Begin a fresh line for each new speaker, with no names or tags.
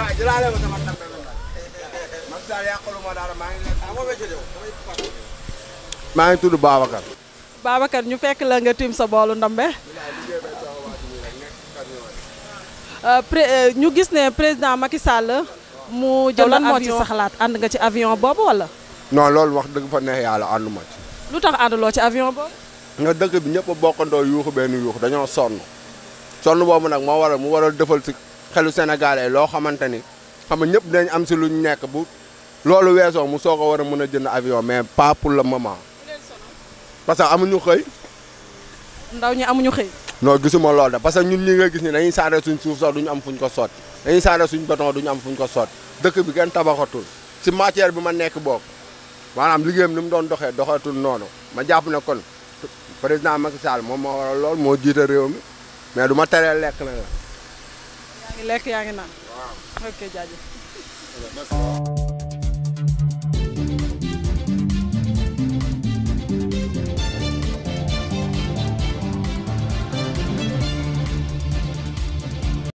ah jëlaale mata sama
ñu fekk la nga tiim sa boolu ndambe. Eh, ñu eh, gis ne président Macky Sall mu jël lan ci nga ci avion boobu anu wala.
non loolu wax dëgg fa neex yàlla ànduma
ci. ci avion boobu.
nga dëkk bi ñëpp a yuuxu benn yuuxu dañoo sonn sonn boobu nag moo waral mu waral defal xelu sénégalais loo xamante ni xam nga ñëpp dañ am si lu ñu nekk bu loolu weesoo mu soog a war a mën a jënd avion mais pas pour le moment parce que amuñu xëy.
ndaw ñi amuñu xëy.
non gisuma loolu da parce que ñun ñi nga gis ni dañuy saare suñ suuf sax duñu am fuñ ko soot dañuy saare suñ béton duñu am fuñ ko sotti dëkk bi kenn tabaxatul si matière bi ma nekk boobu maanaam liggéeyam ni mu doon doxee doxatul noonu ma jàpp ne kon président Macky Sall moom moo waral lool moo jiite réew mi mais du ma teree lekk
ngi lekk yaa ngi naan ok
jaajëf